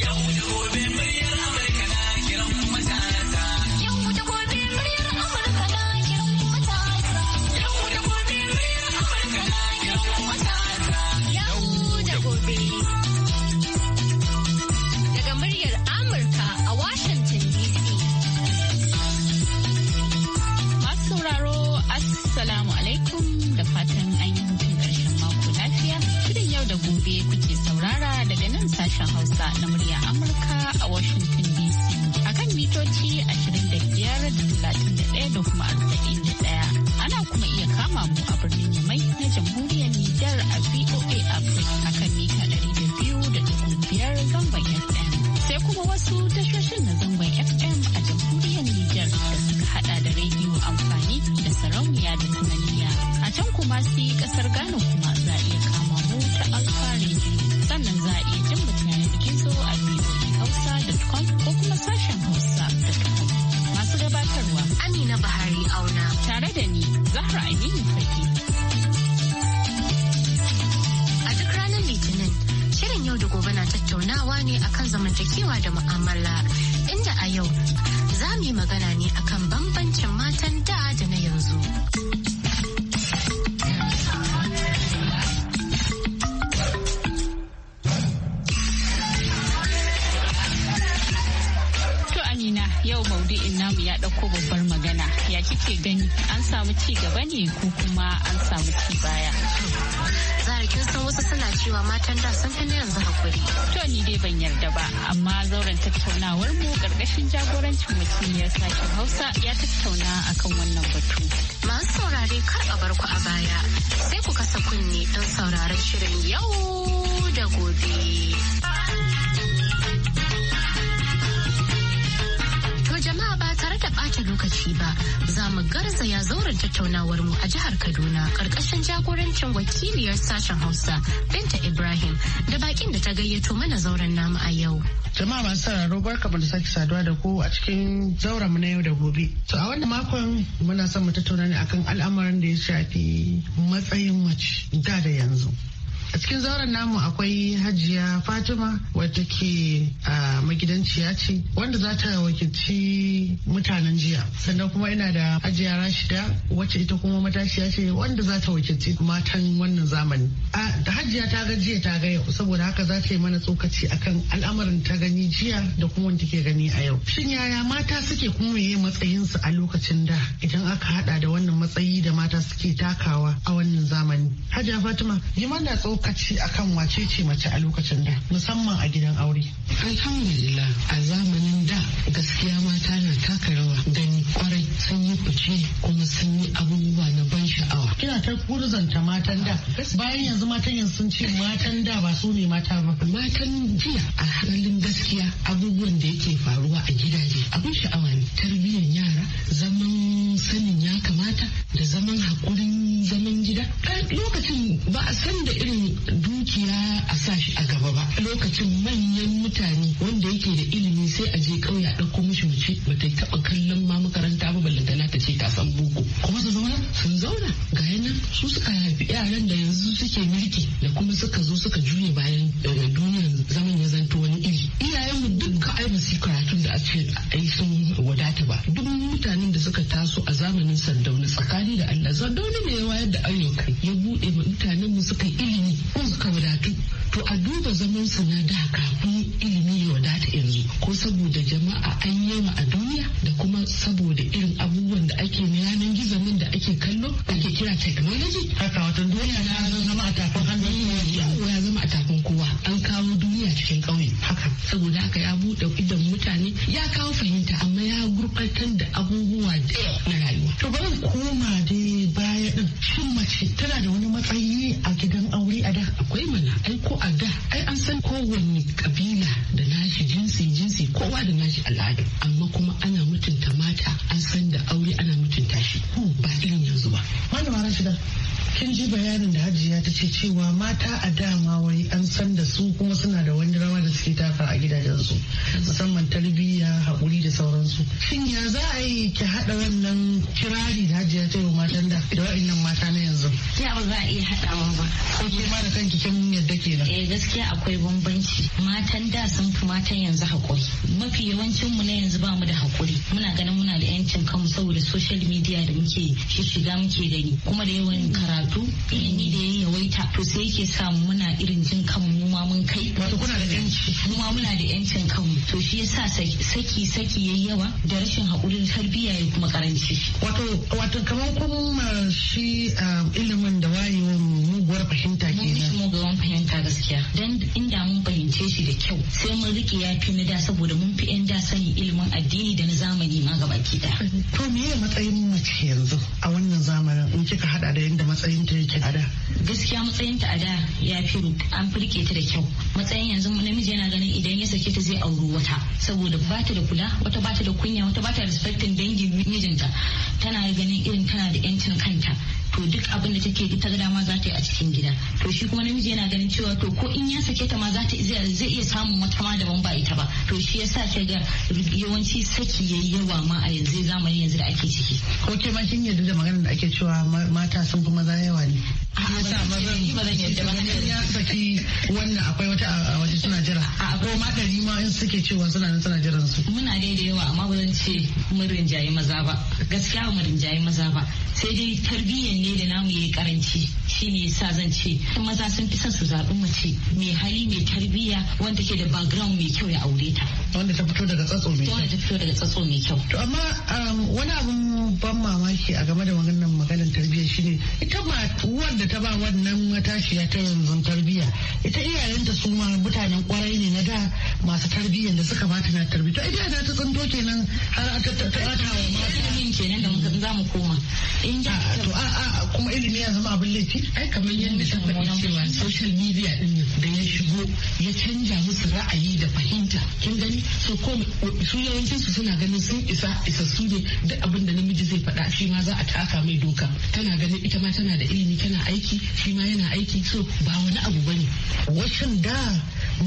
Yo. yi kasar gano kuma za a iya kama mu ta alfari sannan za a iya jin mutane gizo a Hausa.com ko kuma sashen Hausa.com. Masu gabatarwa Amina Bahari Auna tare da ni Zahra Aminu Fage. A duk ranar Litinin shirin yau da gobe na tattaunawa ne akan zamantakewa da mu'amala inda a yau za mu yi magana ne akan bambancin matan da da na yanzu. namu ya ɗauko babbar magana ya kike gani an samu ci gaba ne ko kuma an samu ci baya. Zara san wasu suna cewa matan da sun fi na yanzu hakuri. To ni dai ban yarda ba amma zauren tattaunawar mu karkashin jagorancin mutumiyar sashen Hausa ya tattauna akan wannan batu. Masu saurare kar a bar ku a baya sai ku kasa kunne don sauraron shirin yau da gobe. ba tare da ɓata lokaci ba za mu garzaya zauren tattaunawar mu a jihar Kaduna ƙarƙashin jagorancin wakiliyar sashen Hausa Binta Ibrahim da bakin da ta gayyato mana zauren namu a yau. Jama'a masu sauraro barka da sake saduwa da ku a cikin zauren mu na yau da gobe. To a wannan makon muna son mu tattauna ne akan al'amarin da ya shafi matsayin mace da da yanzu. a cikin zauren namu akwai hajiya fatima wadda ke a magidanciya ce wanda za ta wakilci mutanen jiya sannan kuma ina da hajiya rashida wacce ita kuma matashiya ce wanda za ta wakilci matan wannan zamani a hajiya ta ga jiya ta ga yau saboda haka za ta yi mana tsokaci akan al'amarin ta gani jiya da kuma wanda ke gani a yau shin yaya mata suke kuma meye matsayinsu a lokacin da idan aka hada da wannan matsayi da mata suke takawa a wannan zamani hajiya fatima yi mana tsokaci lokaci akan wace ce mace a lokacin da musamman a gidan aure. Alhamdulillah a zamanin da gaskiya mata na taka rawa gani kwarai sun yi fice kuma sun yi abubuwa na ban sha'awa. Kina ta kurzanta matan da bayan yanzu matan yanzu sun ce matan da ba su ne mata ba. Matan jiya a halin gaskiya abubuwan da yake faruwa a gidaje abin sha'awa ne tarbiyyar yara zaman sanin ya kamata da zaman haƙurin zaman gida. Lokacin ba a san da irin dukiya a sa shi a gaba ba lokacin manyan mutane wanda yake da ilimi sai a je kauye a ɗauko mishi mace ba ta taɓa kallon ma makaranta ba na ta ce ta san boko kuma su zauna sun zauna ga yana su suka haifi yaran da yanzu suke mulki da kuma suka zo suka juye bayan eh, duniyar zaman ya zanto wani iri iyayenmu dukka ai ba su karatun da a ce ai sun wadata ba duk mutanen da suka taso a zamanin sardauna tsakani da Allah sardauna ne ya wayar da ayyuka ya buɗe kin ji bayanin da hajiya ta ce cewa mata a dama wai an san da su kuma suna da wani rawa da suke taka a gidajensu musamman tarbiyya haƙuri da sauransu shin ya za a yi ki haɗa wannan kirari da hajiya ta yi matan da da wa'annan mata na yanzu ya ba za a iya haɗawa ba ko ke ma da kanki kin yadda kenan eh gaskiya akwai bambanci matan da sun fi matan yanzu haƙuri mafi yawancin mu na yanzu ba mu da haƙuri muna ganin muna da yancin kanmu saboda social media da muke shiga muke gani kuma da yawan karatu ni da ya yawaita to sai yake sa muna irin jin kanmu mu ma mun kai wato kuna da yanci mu muna da yancin kanmu to shi yasa saki saki yayi yawa da rashin hakurin tarbiyya ya kuma karanci wato wato kaman kun shi ah, ilimin da wayewar muguwar fahimta kenan mun muguwar fahimta gaskiya dan inda mun fahimce shi da kyau sai mun rike fi na da saboda mun fi yan da sani ilimin addini da na zamani ma gaba ki da to me matsayin mace yanzu a wannan zamanin in kika hada da yanda matsayin ta yake a da? Gaskiya matsayinta a da ya fi an firke ta da kyau. Matsayin yanzu namiji yana ganin idan ya sake ta zai auri wata saboda ba ta da kula wata ba ta da kunya wata ba ta respectin dangin mijinta tana ganin irin tana da yancin kanta to duk abin da take ita dama za ta yi a cikin gida to shi kuma namiji yana ganin cewa to ko in ya sake ta ma za ta zai iya samun wata ma daban ba ita ba to shi yasa sa ga yawanci saki yayi yawa ma a yanzu zamani yanzu da ake ciki ko ke ma kin yarda da maganar da ake cewa mata sun fi maza yawa ne sa mazan ba zan yadda ba ya saki wannan akwai wata a waje suna jira a ko ma ɗari ma in suke cewa suna nan suna jiran su muna dai yawa amma ba zan ce mun rinjaye maza ba gaskiya ba mu rinjaye maza ba sai dai tarbiyyar ne da namu yayi karanci shine yasa zan ce maza sun fi son su zaɓi mace mai hali mai tarbiyya wanda ke da background mai kyau ya aure ta wanda ta fito daga tsatso mai kyau wanda ta fito daga tsatso mai kyau to amma um, wani abun ban mamaki a game da wannan maganar tarbiyya shine ita ma wanda ta ba wannan matashiya ta yanzu tarbiyya ita iyayenta su ma mutanen kwarai ne na da masu tarbiyyar da suka bata na tarbiyya to ita ta tsanto kenan har aka tattata wa mata ilimin kenan da muka za mu koma in ji to a a kuma ilimi ya zama abin laifi ai kamar yadda ta faɗi cewa social media din da ya shigo ya canja musu ra'ayi da fahimta kin gani so ko su yawancin su suna ganin sun isa isa su ne duk abin da namiji zai faɗa shi ma za a taka mai doka tana ganin ita ma tana da ilimi tana aiki shi ma yana aiki so ba wani abu bane wacin da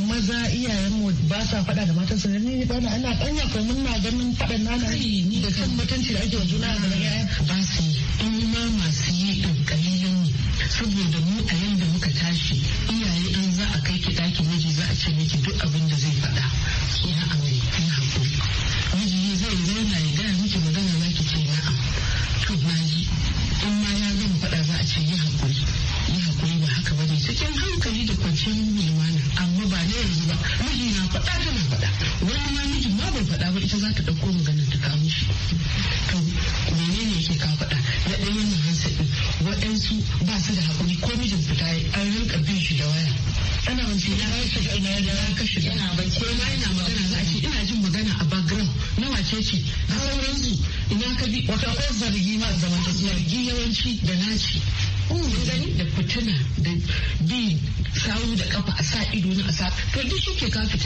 maza iyayen mu ba sa faɗa da matansa ne ni ba ana kanya ko mun na ganin faɗan na na yi. ni da kan mutunci da ake wa juna da ya ba su yi ma masu yi kalilin ne saboda mu a yanda muka tashi iyaye in za a kai ki ɗakin miji za a ce miki duk abin da zai faɗa ina amai ina hakuri yanzu ba mijina faɗa tana faɗa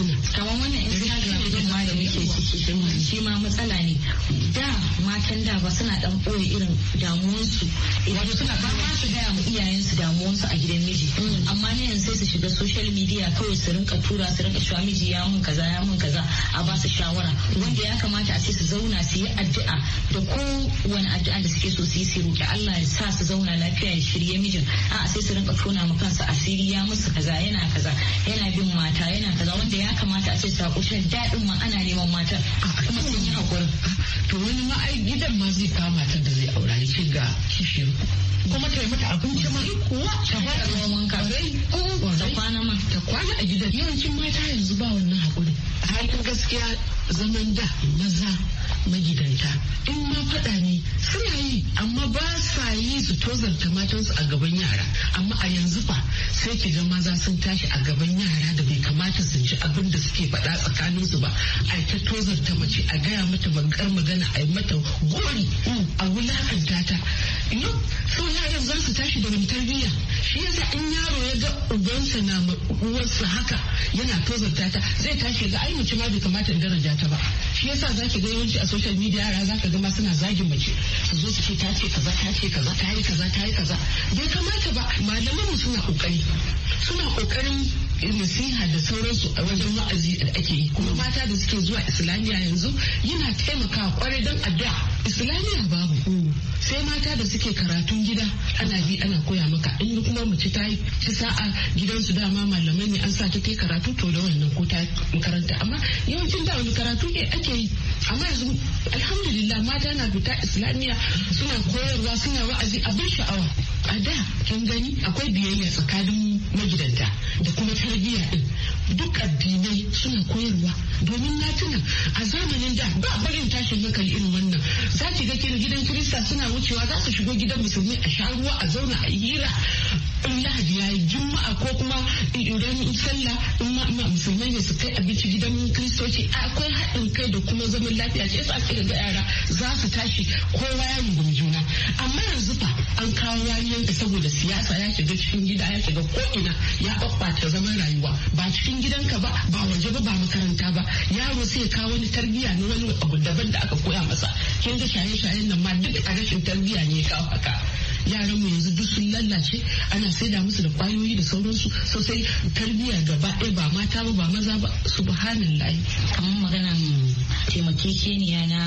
mutum kamar wannan instagram din ma da muke ciki shi ma matsala ne da matan da ba suna ɗan ɓoye irin damuwansu suna ba damuwan su a gidan miji amma ne yanzu sai su shiga social media kawai su rinka tura su rinka cewa miji ya mun kaza ya mun kaza a ba su shawara wanda ya kamata a ce su zauna su yi addu'a da kowane addu'a da suke so su yi su roki Allah ya sa su zauna lafiya ya shirye mijin a sai su rinka tona ma kansu asiri ya musu kaza yana kaza yana bin mata yana kaza wanda ya kamata a ce shan daɗin ma ana neman mata kuma sun yi hakuri. to wani ma gidan ma zai kama ta da zai aura ya ce ga kishiyar kuma ta yi mata abinci kuwa ta fara noman kafin ta kwana ma ta kwana a gidan yawancin mata yanzu ba wannan hakuri a halin gaskiya zaman da maza magidanta in ma faɗa ne suna yi amma ba sa yi su tozarta matansu a gaban yara amma a yanzu fa sai ki ga maza sun tashi a gaban yara da bai kamata su ji abin da suke faɗa tsakaninsu ba a ta tozarta mace a gaya mata bakar magana a yi mata gori mm. a tashi da wani tarbiyya shi yasa in yaro ya ga ubansa na uwarsa haka yana tozarta ta zai tashi ga ai mace ma bai kamata in daraja ta ba shi yasa zaki ga yawanci a social media yara zaka ga ma suna zagin mace su zo su ce ta ce kaza ta ce kaza ta yi kaza ta yi kaza bai kamata ba malaman mu suna kokari suna kokarin nasiha da sauransu a wajen wa'azi da ake yi kuma mata da suke zuwa islamiyya yanzu yana taimakawa kwarai don addu'a islamiyya babu sai mata da suke karatun gida ana bi ana koya maka in kuma mace ta ci sa'a gidansu dama malamai ne an sa ta kai karatu to da wannan ko ta makaranta amma yawancin da wani karatu ne ake yi amma yanzu alhamdulillah mata na fita islamiyya suna koyarwa suna wa'azi abin sha'awa a da kin gani akwai biyayya tsakanin magidanta da kuma tarbiyya din duk addinai suna koyarwa domin na tuna a zamanin da ba barin tashin hankali shiga gidan kirista suna wucewa za su shigo gidan musulmi a sha ruwa a zauna a hira in lahadi ya yi juma'a ko kuma idan sallah in ma musulmai ne su kai abinci gidan kiristoci akwai haɗin kai da kuma zaman lafiya ce sa kira ga yara za su tashi kowa ya rungumi juna amma yanzu fa an kawo yayin da saboda siyasa ya shiga cikin gida ya shiga ko ina ya ɓaɓɓata zaman rayuwa ba cikin gidanka ba ba waje ba ba makaranta ba yaro sai ya kawo wani tarbiyya na wani abu daban da aka koya masa kin ga shaye-shayen nan ma duk a rashin tarbiyya ne kawo haka yaran mu yanzu duk sun lallace ana saida musu da kwayoyi da sauransu sosai tarbiyya gaba ɗaya ba mata ba ba maza ba subhanallahi kamar maganan taimakekeniya na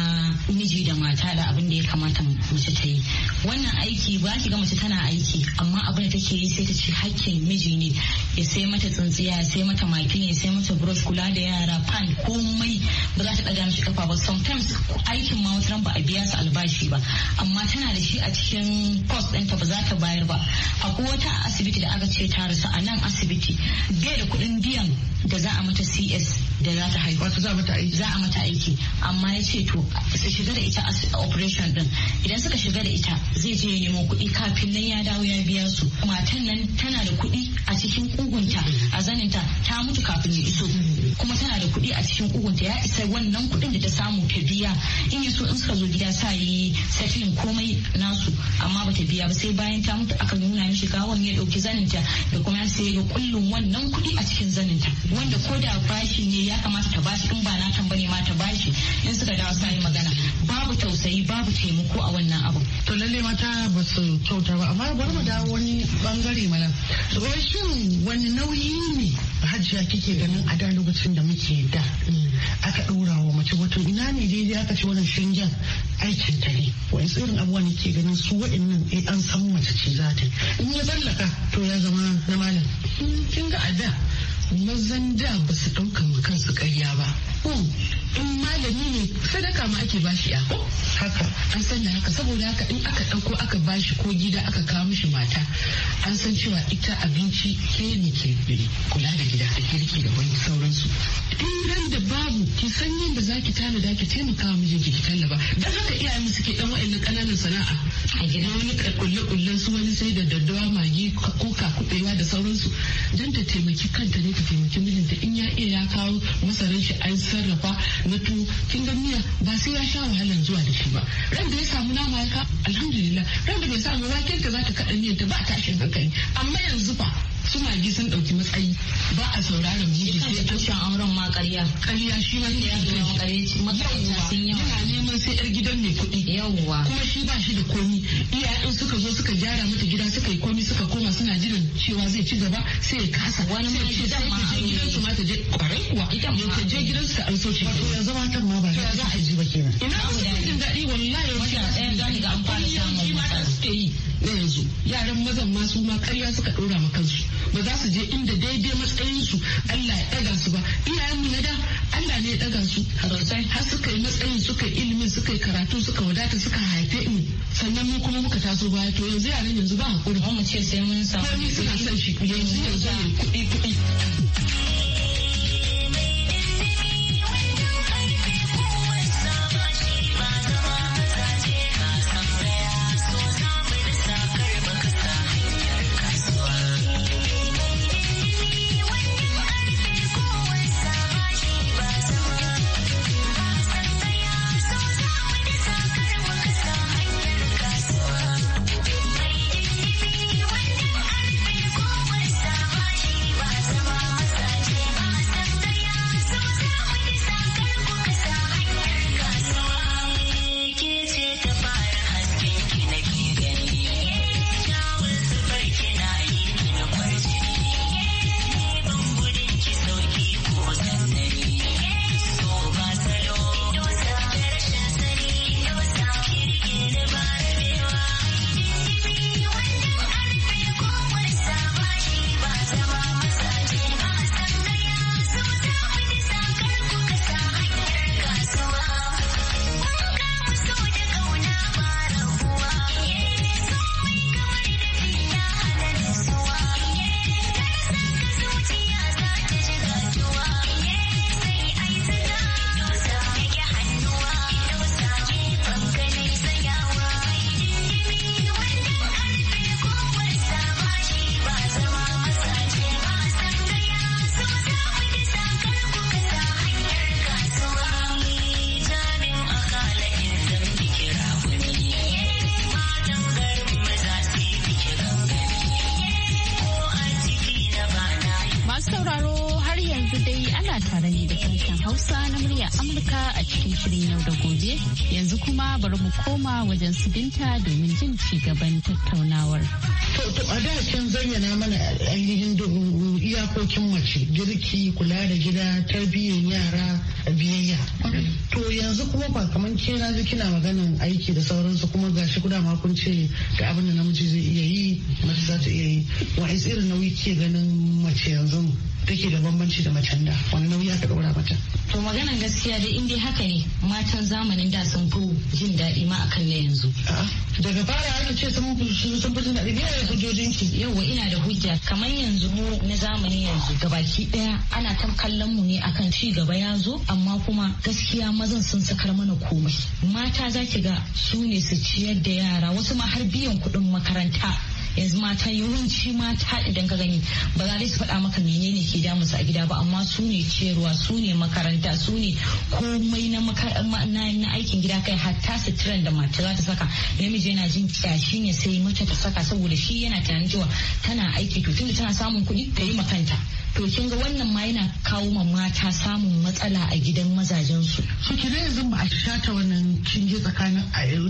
miji da mata da abin da ya kamata mace ta yi wannan aiki ba ki ga mace tana aiki amma abin da take yi sai ta ce hakkin miji ne ya sai mata tsintsiya ya sai mata maki ne sai mata brush kula da yara pan komai ba za ta daga mishi kafa ba sometimes aikin ma wata ba a biya su albashi ba amma tana da shi a cikin cost ɗanta ɗinta ba za ta bayar ba akwai wata asibiti da aka ce ta rasu a nan asibiti bai da kuɗin biyan da za a mata cs da za ta mata aiki. za a mata aiki amma ya ce to su shiga da ita operation din idan suka shiga da ita zai je ya nemo kuɗi kafin nan ya dawo ya biya su matan nan tana da kuɗi a cikin kugunta a zaninta ta mutu kafin ya iso kuma tana da kuɗi a cikin ta ya isa wannan kuɗin da ta samu ta biya in yaso in suka zo gida sa yi settling komai nasu amma bata biya ba sai bayan ta mutu aka nuna mishi gawan ya ɗauki zaninta da kuma sai ya kullum wannan kuɗi a cikin zaninta wanda ko da bashi ne ya kamata ta bashi in ba na tambane ma ta bashi in suka dawo sa yi magana babu tausayi babu taimako a wannan abu. To lalle mata ba su kyauta ba amma bari mu dawo wani bangare mana. to shin wani nauyi ne hajiya kike ganin a da lokacin da muke da mm, aka ɗora wa mace wato ina ne dai dai aka ce wannan shingen aikin ta ne wani tsirin abuwa ne ke ganin su wa'annan nan eh, an san mace ce za ta yi in ya tsallaka to ya zama na malam mm, kin ga a da mazan da ba su ɗauka ma kansu karya ba in malami ne sadaka ma ake bashi ya haka an san da haka saboda haka in aka ɗauko aka bashi ko gida aka kawo mishi mata an san cewa ita abinci ke ne ke kula da gida da kirki da wani sauransu in da babu ki san yadda za ki tanada ki taimaka wa mijinki ki tallaba don haka iyayen mu suke dan wa'annan ƙananan sana'a a gida wani kulle kullen su wani sai da daddawa magi kuka kubewa da sauransu don ta taimaki kanta ne ka taimaki mijinta in ya iya ya kawo masarar shi an sarrafa na tuwo kin ga miya ba sai ya sha wahalan zuwa da shi ba ran da ya samu nama ya ka alhamdulillah ran da bai samu waken ta za ta kaɗa miyan ta ba tashin hankali amma yanzu fa suna ji sun ɗauki matsayi ba a sauraron miji sai tushen auren ma ƙarya ƙarya shi ma ya zama ƙarya makaranta sun yawa yana neman sai yar gidan mai kuɗi yawwa kuma shi ba shi da komi iyayen suka zo suka gyara mata gida suka yi komi suka koma suna jiran cewa zai ci gaba sai ya kasa wani ma shi da ma je gidan su ma ta je kwarai kuwa ita ma ta je gidan su ta an so ce ya zama ta ma ba za a ji ba kenan ina ba jin daɗi wallahi wata ɗaya ga amfani suke yi na yanzu yaran mazan masu su ma karya suka ɗora ma kansu ba za su je inda daidai matsayinsu Allah ya daga su ba iyayenmu na da Allah ne ya daga su har suka yi matsayin suka yi ilimin suka yi karatu suka wadata suka haife mu sannan mu kuma muka taso baya to yanzu yaran yanzu ba hakuri ba mu ce sai mun samu kuɗi suna san shi yanzu yanzu kuɗi kuɗi ci gaban tattaunawar. To a da can zayyana mana ainihin iyakokin mace girki kula da gida tarbiyyar yara biyayya. To yanzu kuma ba kamar na ji kina maganan aiki da sauransu kuma gashi kuda ma kun ce ga abin da namiji zai iya yi mace za ta iya yi wa irin nauyi ke ganin mace yanzu take da bambanci da macen da wani nauyi aka mata. To maganan gaskiya dai in dai haka ne matan zamanin da sun fi jin daɗi ma akan na yanzu. Daga fara aka ce sun fi jin daɗi ne da hujjojin ki. Yawwa ina da hujja kamar yanzu mu na zamanin yanzu gabaki ɗaya ana ta kallon mu ne akan ci gaba ya zo amma kuma gaskiya mazan sun sakar mana komai. Mata za ki ga su ne su ciyar da yara wasu ma har biyan kuɗin makaranta yanzu mata yawanci mata idan ka gani ba za su faɗa maka menene ke damunsu a gida ba amma su ne ciyarwa su ne makaranta su ne komai na aikin gida kai hatta suturan da mata za ta saka namiji yana jin kyashi ne sai mata ta saka saboda shi yana tunanin cewa tana aiki to tunda tana samun kuɗi ta yi makanta to kin ga wannan ma yana kawo ma mata samun matsala a gidan mazajen su so ki dai yanzu ba a shata wannan kinje tsakanin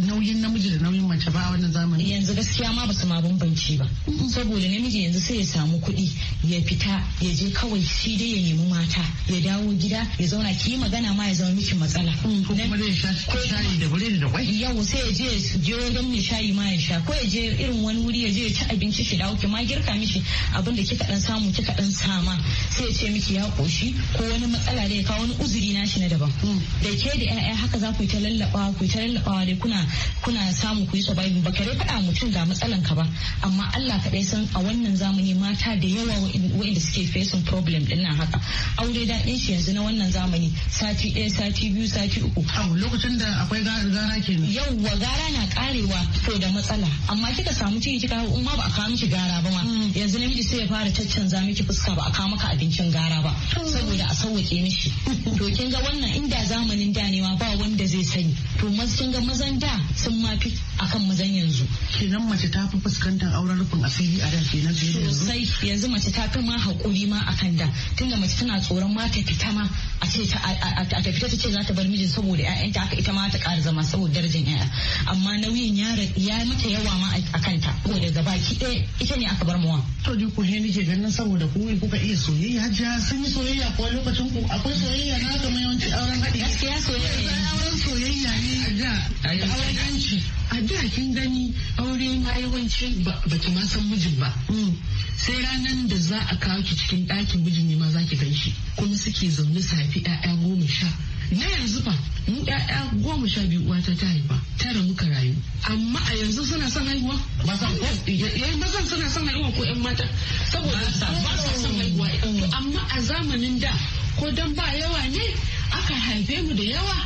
nauyin namiji da nauyin mace ba a wannan zamani yanzu gaskiya ma basu ma bambanci ba saboda namiji yanzu sai ya samu kuɗi ya fita ya je kawai shi dai ya nemi mata ya dawo gida ya zauna ki magana ma ya zama miki matsala mm, ko kuma zai sha shayi da biredi da kwai yau sai ya je je wajen mai shayi ma ya sha ko ya je irin wani wuri ya je ya ci abinci shi dawo ki ma girka mishi abin da kika dan samu kika dan sama sai ya ce miki ya koshi ko wani matsala da ya kawo wani uzuri na shi na daban hmm. da ke da ƴaƴa haka za ku yi ta lallabawa ku yi ta lallabawa dai kuna kuna samu ku yi survive ba kare faɗa mutum ga matsalan ka ba amma Allah kaɗai san a wannan zamani mata da yawa waɗanda suke facing problem din nan haka aure ɗin shi yanzu na wannan zamani sati ɗaya sati biyu sati uku. lokacin da akwai gara kenan. yawwa gara na karewa to da matsala amma kika samu ciki kika in ma ba a kawo miki gara ba ma hmm. yanzu namiji sai ya fara caccanza miki fuska ba a kawo maka abincin gara ba saboda a sauwake mishi to kin ga wannan inda zamanin da ne ma ba wanda zai sani to mas kin ga mazan da sun ma fi akan mazan yanzu kenan mace ta fi fuskantar auren rufin asiri a da kenan sosai yanzu mace ta fi ma hakuri ma akan da tunda mace tana tsoron ma ta fita ma a ce a fita ta ce za ta bar mijin saboda 'ya'yanta aka ita ma ta ƙara zama saboda darajar 'ya'ya amma nauyin ya mata yawa ma a kanta ko daga baki ɗaya ita ne aka bar mawa. To ni ku he nake ganin saboda ku kuka iya soyayya ja sun yi soyayya ko lokacin ku akwai soyayya na ga mai yawanci auren haɗi gaskiya soyayya auren soyayya ne a da auren yanci a da kin gani aure ma yawanci ba ki ma san mijin ba mm. sai ranar da za a kawo ki cikin ɗakin mijin ne ma za ki gan shi kuma suke zaune safi ɗaya goma sha na yanzu ba mu ƴaƴa goma sha biyu uwata ta haifa tara muka rayu amma a yanzu suna son haihuwa mazan ko mazan eh, eh, eh, suna son haihuwa ko ƴan mata saboda ba sa son haihuwa amma a zamanin da ko dan ba yawa ne aka haife mu da yawa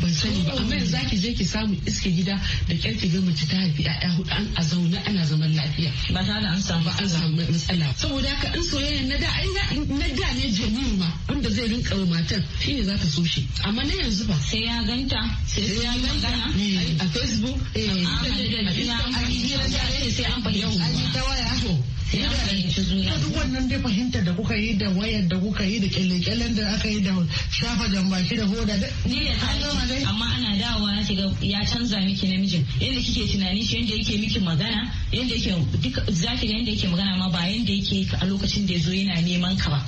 ban sani ba amma yanzu zaki je ki samu iske gida da kyar ki ga mace ta haifi ya'ya hudu an a zaune ana zaman lafiya ba da an samu ba an samu matsala saboda haka in soyayya na da ai na da ne jami'u ma wanda zai rinka wa matan ne za ta so shi amma na yanzu ba sai ya ganta sai ya ganta eh, a facebook eh, a sai an fahimta ta waya duk wannan dai fahimtar da kuka yi da wayar da kuka yi da kyalle-kyallen da aka yi da shafa shi da hoda da ni ya ta gani amma ana dawowa na ga ya canza miki namijin yadda kike tunani shi yadda yake miki magana yadda yake duka zaki ga yadda yake magana ma ba yadda yake a lokacin da ya zo yana neman ka ba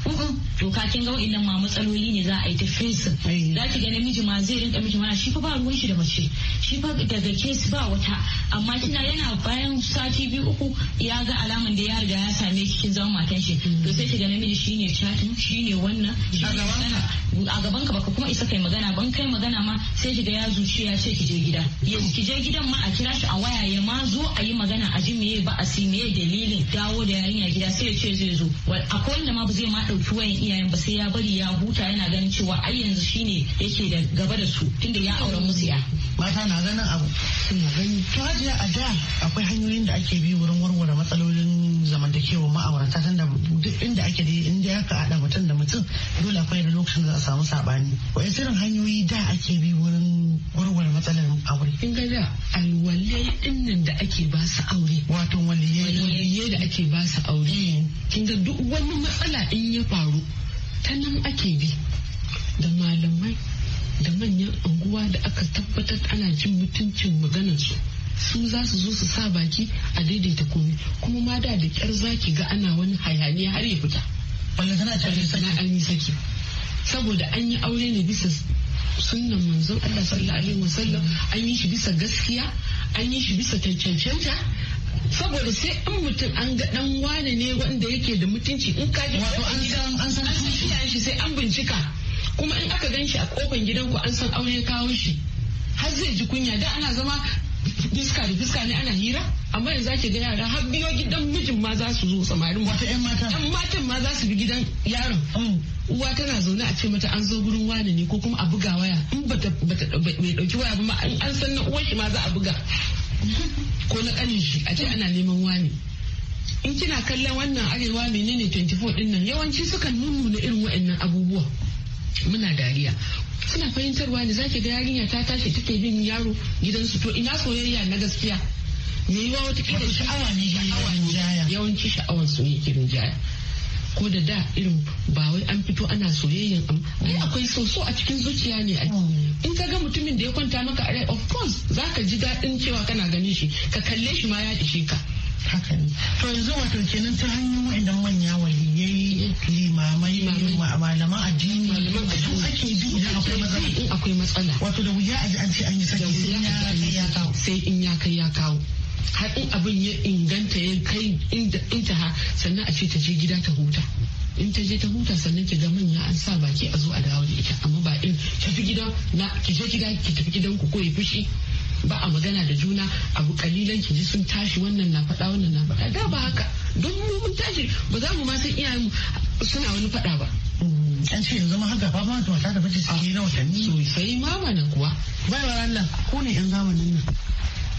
to ka kin ga wa'annan ma matsaloli ne za a yi ta fesa zaki ga namiji ma zai rinka miki mana shi fa ba ruwan shi da mace shi fa daga case ba wata amma kina yana bayan sati biyu uku ya ga alaman da ya riga ya same ki kin zama matan shi mm. to sai ki ga namiji shine chatin shine wannan a gaban ka baka kuma isa kai magana ban kai magana ma sai ki ga ya zuci ya ce ki je gida ya ki je gidan ma a kira shi a waya ya ma zo a yi magana a ji meye ba a si meye dalilin dawo da yarinya gida sai ya ce zai zo akwai wanda ma ba zai ma dauki wayan iyayen ba sai ya bari ya huta yana ganin cewa ai yanzu shine yake da gaba da su tunda ya aure musu ya mata na ganin abu suna gani to hajiya a da akwai hanyoyin da ake bi wurin warware matsalolin zamantakewa ma'aurata tunda duk inda ake da inda aka haɗa mutum da mutum dole akwai da lokacin da za a samu saɓani wa'in irin hanyoyi da ake bi wurin warware matsalar aure. In ga da alwalai dinnan da ake ba su aure. Wato waliyai da ake ba su aure. Mm. Kin ga duk wani matsala in ya faru ta nan ake bi da malamai da manyan unguwa da aka tabbatar ana jin mutuncin maganarsu. su za su zo su sa baki a daidaita komai kuma ma da da kyar zaki ga ana wani hayaniya har ya fita. Wallan tana ce saki. Saboda an yi aure ne bisa Sunan manzon Allah sallallahu alaihi wasallam an yi shi bisa gaskiya an yi shi bisa cancanta saboda sai an mutum an ga dan wane ne wanda yake da mutunci in ka ji wato an san an san iyayen shi sai an bincika kuma in aka gan shi a gidan gidanku an san aure kawo shi har zai ji kunya da ana zama fiska da fiska ne ana hira amma yanzu ake ga yara har biyo gidan mijin ma za su zo samarin wata yan mata yan matan ma za su bi gidan yaron mm. uwa tana zaune a ce mata an zo gurin wani ne ko kuma a buga waya in bata bata bai dauki waya ba an san na uwar shi ma za a buga ko na kanin shi a ce ana neman wani in kina kallon wannan arewa menene 24 din nan yawanci sukan na irin waɗannan abubuwa muna dariya suna fahimtarwa ne zaki ga yarinya ta tashi take bin yaro gidansu to ina soyayya na gaskiya me yiwa wata kila sha'awa ne jaya yawanci sha'awar su ne kirin jaya ko da da irin ba wai an fito ana soyayya am ai akwai soso a cikin zuciya ne hmm. in ka ga mutumin da ya kwanta maka a rai of course zaka ji dadin cewa kana ganin shi ka kalle shi ma ya ishe ka haka ne to yanzu wato kenan ta hanyar wa'annan manya waliyai limamai malaman addini su ake bi idan akwai matsala akwai matsala wato da wuya a ji an ce an yi sai in ya kai ya kawo har in abin ya inganta ya kai inda ha sannan a ce ta je gida ta huta in ta je ta huta sannan ki ga manya an sa baki a zo a dawo da ita amma ba in tafi gida na ki je gida ki tafi gidan ku ko ya fushi ba a magana da juna abu kalilan ki ji sun tashi wannan na faɗa wannan na faɗa da ba haka don mu mun tashi ba za mu ma san iyayenmu suna wani faɗa ba mm, an ce yanzu ma haka ba ma ta da bace suke na watanni ah, sosai ma mana kuwa bai wa Allah ko ne yan zamanin nan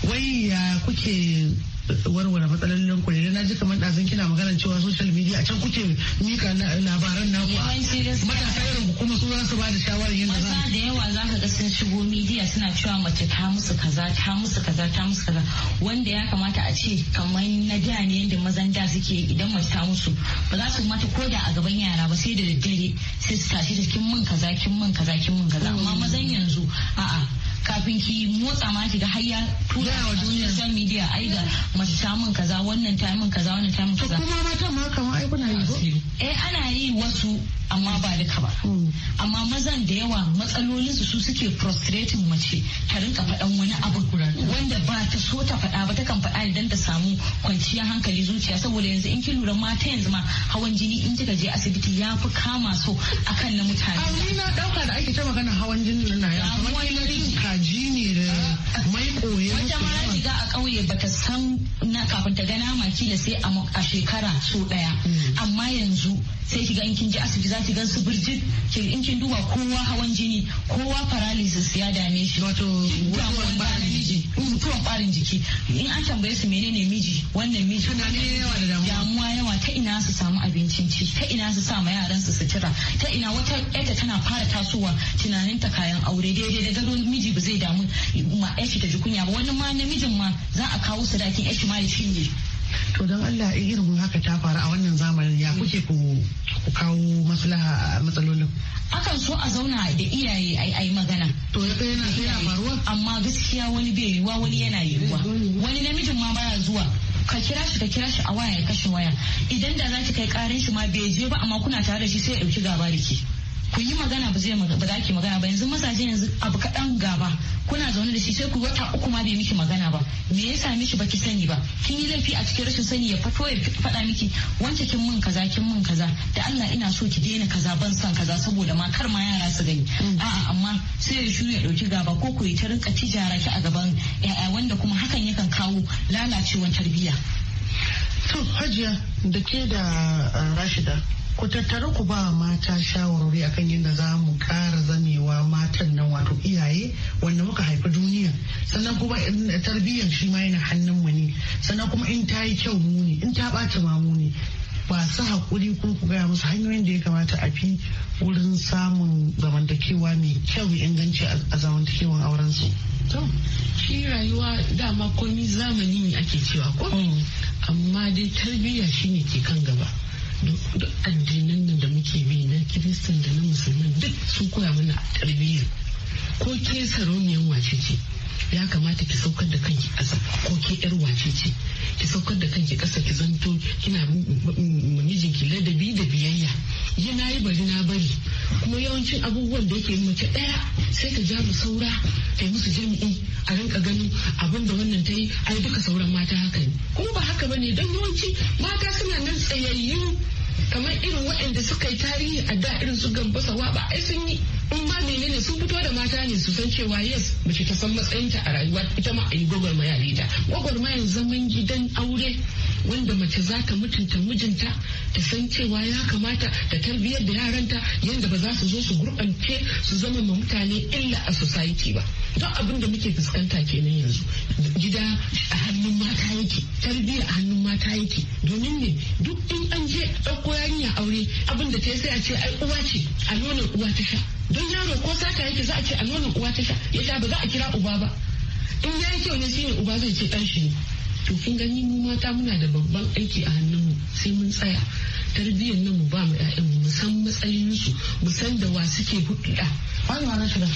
wai ya kuke warware matsalolin ku ne na ji kamar ɗazin kina maganar cewa social media a can kuke mika labaran na ku matasa irin ku kuma su za su ba da shawarar yadda za da yawa za ka ga sun shigo media suna cewa mace ta musu kaza ta musu kaza ta musu kaza wanda ya kamata a ce kamar na da ne yadda mazan da suke idan mace ta musu ba za su mata ko da a gaban yara ba sai da daddare sai su tashi da kin min kaza kin min kaza kin min kaza amma mazan yanzu a'a kafin ki motsa ma ki ga har ya tura wa duniya social media ai ga mace ta min kaza wannan ta min kaza wannan ta min kaza to kuma mata ma kamar ai kuna yi eh ana yi wasu amma ba duka ba hmm. amma mazan da yawa matsalolin su suke frustrating mace ta rinka faɗan wani abu wanda ba ta so ta faɗa ba ta kan faɗa idan ta samu kwanciyar hankali zuciya saboda yanzu in kin lura mata yanzu ma hawan jini in kika je asibiti ya fi kama so akan na mutane amma ah, na da ake ta magana hawan jini na ya kamar kaji ne da ah. mai koye wata mara shiga a kauye bata san na kafin ta ga nama kila sai a shekara so daya hmm. amma yanzu sai kiga in kin je asibiti za shigan gan su birjit in kin duba kowa hawan jini kowa paralysis ya dame shi wato mutuwan barin jiki in an tambaye su menene miji wannan miji damuwa yawa ta ina su samu abincin ci ta ina su sa ma yaran su su cira ta ina wata yadda tana fara tasowa tunanin ta kayan aure daidai da gado miji ba zai damu ma yashi ta ji ba wani ma namijin ma za a kawo sadakin yashi ma ya cinye to don Allah in irin haka ta faru a wannan zamanin ya kuke ku kawo maslaha a matsalolin akan so a zauna da iyaye ai magana to ya yana yana faruwa amma gaskiya wani bai yiwuwa wani yana yiwuwa wani namijin ma baya zuwa ka kira shi ka kira shi a waya ya kashe waya idan da za ki kai karin shi ma bai je ba amma kuna tare da shi sai ya dauki gaba da ke. ku yi magana ba zai ba za ki magana ba yanzu mazaje yanzu abu kaɗan gaba kuna zaune da shi sai ku wata uku ma bai miki magana ba me yasa same shi ki sani ba kin yi laifi a cikin rashin sani ya fito ya faɗa miki wance kin mun kaza kin mun kaza da Allah ina so ki daina kaza ban san kaza saboda ma kar ma yara su gani mm. a'a amma sai ya shuru ya dauki gaba ko ku yi ta rinka tijara ki a gaban yaya wanda kuma hakan yakan kawo lalacewar tarbiyya to hajiya da ke da uh, rashida ku tattara ku ba mata shawarwari akan yadda za mu ƙara zamewa matan nan wato iyaye wanda muka haifi duniya sannan kuma tarbiyyar shi ma yana hannun mu ne sannan kuma in ta yi kyau mu ne in ta ɓata ma mu ne ba su haƙuri ko ku gaya musu hanyoyin da ya kamata a fi wurin samun zamantakewa mai kyau mai inganci a zamantakewan auren su. shi rayuwa dama komi zamani ne ake cewa ko mm. amma dai tarbiyya shine ke kan gaba. duk addinan nan da muke bi na kiristan da na musulman duk sun koya mana tarbiyyar ko kesa romiyan wace ce ya kamata ki saukar da kanki ƙasa ko ke yar wace ce ki saukar da kanki ƙasa ki zanto kina mijinki ladabi da biyayya na yi bari na bari kuma yawancin abubuwan da yake mace ɗaya sai ka ja mu saura ka musu jami'i a rinka ganin abin da wannan ta yi ai duka sauran mata haka ne kuma ba haka bane don yawanci mata suna nan tsayayyu kamar irin waɗanda suka yi tarihi a da irin su gambasa ba ai sun yi in ma menene sun fito da mata ne su san cewa yes mace ta san matsayinta a rayuwa ita ma a yi gwagwarmaya ne ta gwagwarmayar zaman gidan aure wanda mace za ta mutunta mijinta ta san cewa ya kamata ta tarbiyyar da yaranta yadda ba za su zo su gurɓance su zama ma mutane illa a society ba don abin da muke fuskanta kenan yanzu gida a hannun mata yake tarbiyya a hannun mata yake domin ne duk in an je ɗauko yarinya aure abin da ta sai a ce ai uwa ce a nonon uwa ta sha don yaro ko saka yake za a ce a nonon uwa ta sha ya sha ba za a kira uba ba in ya yi kyau ne shine uba zai ce ɗan shi ne to kin gani mu mata muna da babban aiki a hannunmu sai mun tsaya tarbiyyar nan mu ba mu ƴaƴan mu san matsayinsu mu san da wa suke hudda malama rashida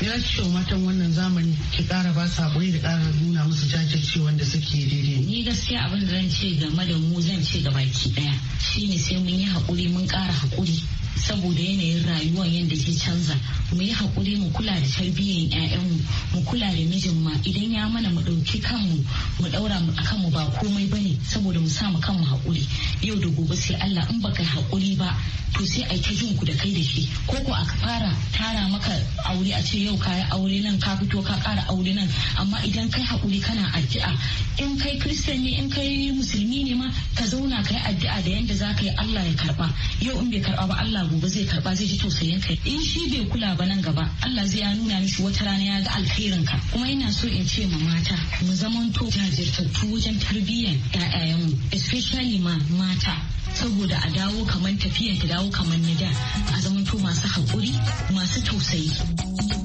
ya ce matan wannan zamani ki kara ba su da kara nuna musu jajircewa da suke daidai ni gaskiya abin da zan ce game da mu zan ce ga baki daya shine sai mun yi haƙuri mun kara haƙuri saboda yanayin rayuwar yadda ke canza mu yi hakuri mu kula da tarbiyyar ƴaƴanmu mu kula da mijin ma idan ya mana mu ɗauki kanmu mu ɗaura a kanmu ba komai ba ne saboda mu sa mu kanmu hakuri yau da gobe sai Allah in baka hakuri ba to sai a ta jin ku da kai da shi ko ko a fara tara maka aure a ce yau ka yi aure nan ka fito ka ƙara aure nan amma idan kai hakuri kana addu'a in kai kristiyan ne in kai musulmi ne ma ka zauna ka yi addu'a da yadda za ka yi Allah ya karba yau in bai karba ba Allah gobe gobe zai karba zai ji tausayin kai in shi bai kula ba nan gaba Allah zai ya nuna mishi wata rana ya ga alkhairin ka kuma ina so in ce ma mata mu zamanto jajirtattu wajen tarbiyyar mu especially ma mata saboda a dawo kamar tafiya ta dawo kamar na da a zamanto masu haƙuri masu tausayi.